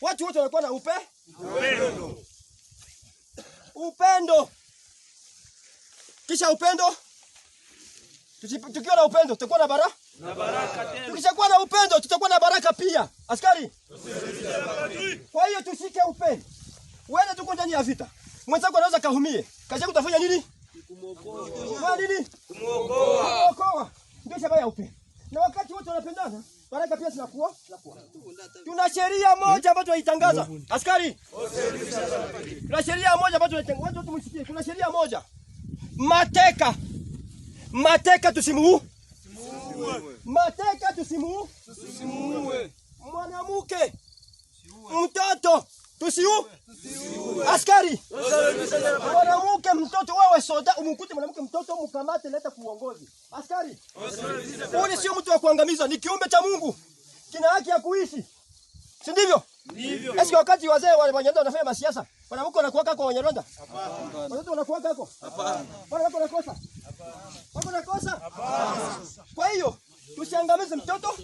watu wote wanakuwa na upe upendo, upendo. Kisha upendo, tukiwa na upendo tutakuwa na baraka na baraka tena. Tukishakuwa na upendo tutakuwa na baraka pia. Askari, kwa hiyo tushike upendo. Wewe tuko ndani ya vita, mwenzako anaweza kahumie, kazi yako utafanya nini? Kumuokoa. Kumuokoa, ndio shabaha ya upendo, na wakati wote wanapendana Baraka pia zinakuwa zinakuwa. Tuna sheria moja ambayo tunaitangaza. Hmm? Askari. Tuna sheria moja ambayo tunaitangaza. Watu tumsikie. Tuna sheria moja. Mateka. Mateka tusimuue. Mateka tusimuue. Tusimuue. Mwanamke. Mtoto Tusiu. Askari mtoto wewe soda, umkute mwanamke mtoto, mkamate, leta kuongozi. Askari ule sio mtu wa kuangamiza, ni kiumbe cha Mungu, kina haki ya kuishi, si ndivyo? Ndivyo. Eske wakati wazee wale wanyanda wanafanya masiasa, wanamke wanakuwaka kwa Wanyarwanda? Hapana. Watoto wanakuwa kako Hapana. Wale wako kosa Hapana. Wako na kosa Hapana. Kwa hiyo tusiangamize mtoto,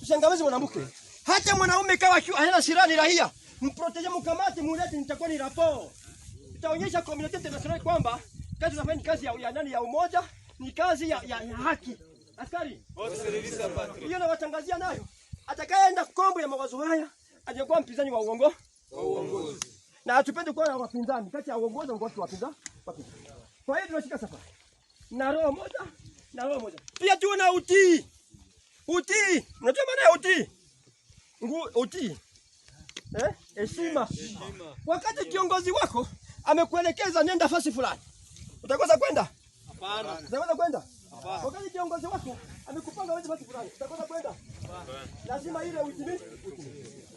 tusiangamize mwanamke. Hata mwanaume kawa hana sirani rahia mproteje, mkamate, mulete, nitakuwa ni rapo tutaonyesha community international kwamba kazi tunafanya ni kazi ya, ya nani ya umoja, ni kazi ya, ya, ya haki. Askari hiyo nawatangazia nayo, atakayeenda kombo ya mawazo haya ajakuwa mpinzani wa uongo wa uongozi, na hatupende kuwa wapinzani kati ya uongozi na watu wapinza wapinzani. Kwa hiyo tunashika safari na roho moja na roho moja, pia tuwe na utii. Utii, unajua maana ya utii? Nguo utii, eh, heshima. Wakati kiongozi wako amekuelekeza nenda fasi fulani, utakosa kwenda? Hapana. Utakosa kwenda? Hapana. Wakati kiongozi wako amekupanga wewe fasi fulani, utakosa kwenda? Hapana. Lazima ile uitimize.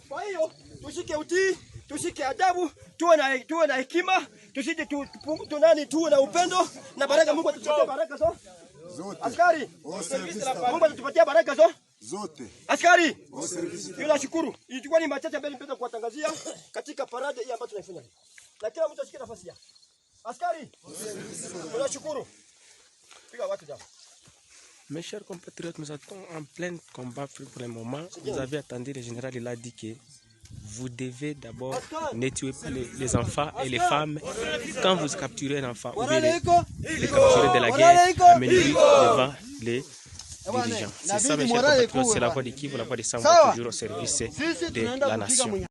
Kwa hiyo tushike utii, tushike adabu, tuwe na tuwe na hekima, tusije tu, tu, nani, tuwe na upendo na baraka. Mungu atatupatia baraka so zote. Askari, Mungu atatupatia baraka so zote. Askari, Yule ashukuru. Ilikuwa ni machache mbele nipenda kuwatangazia katika parade hii ambayo tunaifanya. Mes chers compatriotes, nous sommes en plein combat pour le moment. Vous avez attendu, le général il a dit que vous devez d'abord ne tuer pas les, enfants et les femmes. Quand vous capturez un enfant, ou les, les capturez de la guerre, amenez-les devant les eh dirigeants. C'est ça, mes chers compatriotes, c'est la hein. voix de qui la voix de Samba, toujours au service de la nation.